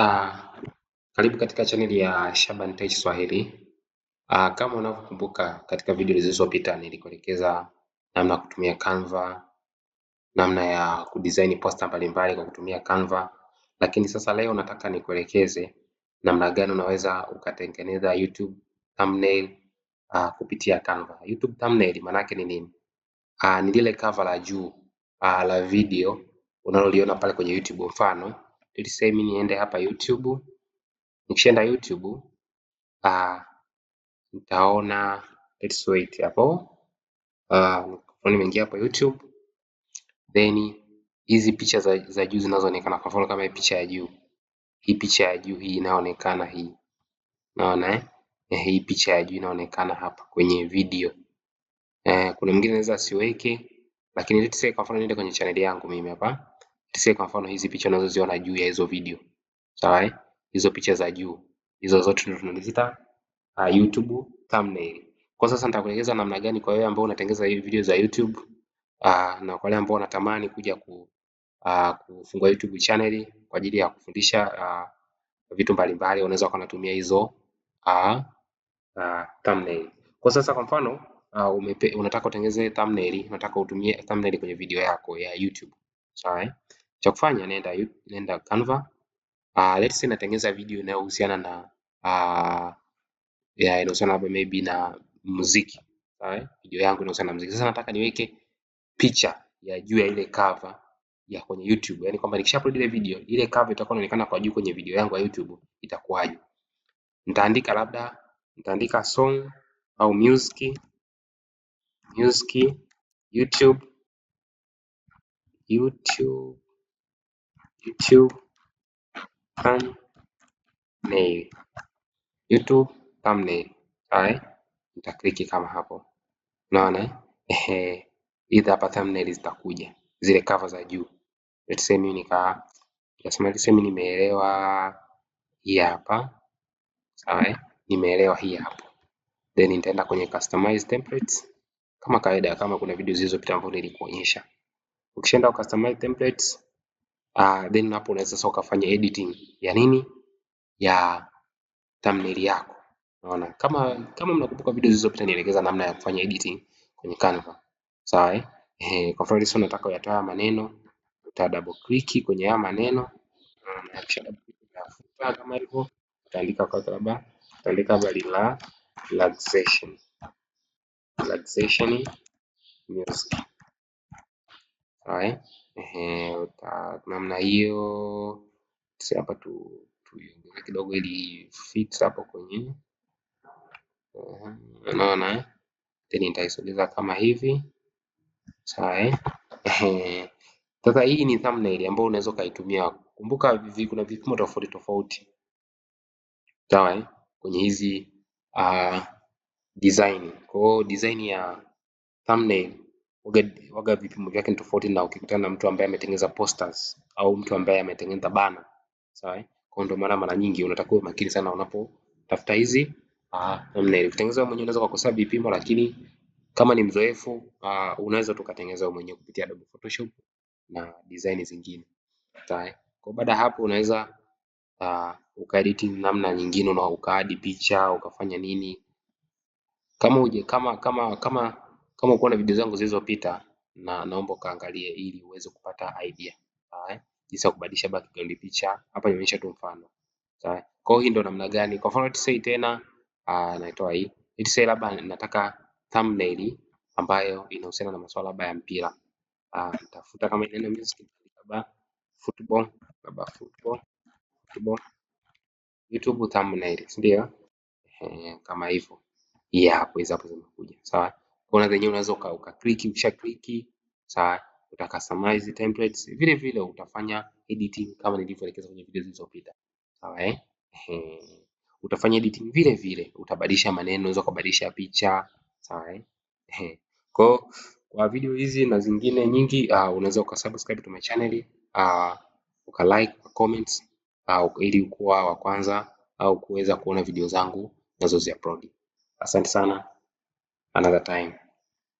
Uh, karibu katika chaneli ya Shaban Tech Swahili. Uh, kama unavyokumbuka katika video zilizopita nilikuelekeza namna ya kutumia Canva, namna ya kudesign poster mbalimbali kwa kutumia Canva, lakini sasa leo nataka nikuelekeze namna gani unaweza ukatengeneza YouTube thumbnail uh, kupitia Canva. YouTube thumbnail maana yake ni nini? Uh, ni lile cover la juu uh, la video unaloliona pale kwenye YouTube mfano Let's say mimi niende hapa YouTube. Nikishaenda YouTube uh, nitaona let's wait hapo. Ah Uh, nimeingia hapo YouTube then hizi picha za, za juu zinazoonekana, kwa mfano kama hii picha ya juu, hii picha ya juu hii inaonekana hii, naona eh? eh? Hii picha ya juu inaonekana hapa kwenye video eh, kuna mwingine anaweza asiweke, lakini let's say kwa mfano niende kwenye channel yangu mimi hapa Tuseme kwa mfano hizi picha unazoziona juu ya hizo video. Sawa eh? Hizo picha za juu. Hizo zote ndio tunaziita uh, ah, YouTube thumbnail. Kwa sasa nitakuelekeza namna gani kwa wewe ambao unatengeneza hivi video za YouTube uh, na kwa wale ambao wanatamani kuja ku uh, kufungua YouTube channel kwa ajili ya kufundisha uh, vitu mbalimbali unaweza ukawa unatumia hizo uh, uh, thumbnail. Kwa sasa kwa mfano uh, umepe, unataka utengeneze thumbnail, unataka utumie thumbnail kwenye video yako ya YouTube. Sawa eh? Cha kufanya nenda nenda Canva. Uh, let's say natengeneza video inayohusiana na uh, ah, yeah, inahusiana labda maybe na muziki. right? Video yangu inahusiana na muziki. Sasa nataka niweke picha ya juu ya ile cover ya kwenye YouTube. yani kwamba nikisha-upload ile video, ile cover itakuwa inaonekana kwa juu kwenye video yangu ya YouTube itakuwaje? Nitaandika labda nitaandika song au music music YouTube YouTube youtube thumbnail youtube thumbnail alright nitaklik kama hapo unaona ehe hizi hapa thumbnail zitakuja zile cover za juu Let's say mimi nika nasema let's say mimi nimeelewa hii hapa sawa eh? nimeelewa hii hapa then nitaenda kwenye customize templates kama kawaida kama kuna video zilizopita ambapo nilikuonyesha ukishaenda customize templates uh, then hapo unaweza sasa ukafanya editing ya nini ya thumbnail yako. Unaona, kama kama mnakumbuka video zilizopita nielekeza namna ya kufanya editing kwenye Canva. Sawa eh? Eh, kwa mfano sasa nataka uyatoa maneno, uta double click kwenye haya maneno na kisha double click na kama hivyo utaandika kwa sababu utaandika bali la relaxation relaxation music Namna hiyo hapa tu tuiongeze kidogo ili fit hapo kwenye unaona eh, then nitaisogeza kama hivi sawa. Eh? Sasa hii ni thumbnail ambayo unaweza ukaitumia. Kumbuka kuna vipimo tofauti tofauti sawa eh? kwenye hizi uh, design. Kwa design ya thumbnail waga vipimo vyake ni tofauti na ukikutana na mtu ambaye ametengeneza posters au mtu ambaye ametengeneza bana. Sawa? eh? Kwa ndio maana mara nyingi unatakiwa makini sana unapotafuta hizi ah, namna ile Kutengeneza mwenyewe unaweza kwa kusabi vipimo lakini kama ni mzoefu uh, unaweza tukatengeneza wewe mwenyewe kupitia Adobe Photoshop na design zingine. Sawa? eh? Kwa baada hapo unaweza uh, ah, ukaediti namna nyingine na ukaadi picha, ukafanya nini? Kama uje kama kama kama kama uko na video zangu zilizopita na naomba ukaangalie ili uweze kupata idea. Sawa? Jinsi ya kubadilisha background picha. Hapa nionyesha tu mfano. Sawa? Kwa hiyo hii ndo namna gani? Kwa mfano tuseme tena ah, naitoa hii. say labda nataka thumbnail ambayo inahusiana na masuala labda ya mpira. Ah, nitafuta kama ile neno music labda football, labda football, football. YouTube thumbnail, ndio? kama hivyo. Yeah, hapo hizo hapo zimekuja. Sawa? kuna zenyewe unaweza uka click, ukisha click sawa, uta customize templates, vile vile utafanya editing kama nilivyoelekeza kwenye video zilizopita. Sawa eh? Utafanya editing vile vile, utabadilisha maneno, unaweza kubadilisha picha, sawa eh? Kwa kwa video hizi na zingine nyingi uh, unaweza ukasubscribe to my channel uh, uka like, uka comment uh, ili ukuwa wa kwanza au uh, kuweza kuona video zangu nazo zi upload. Asante sana. another time.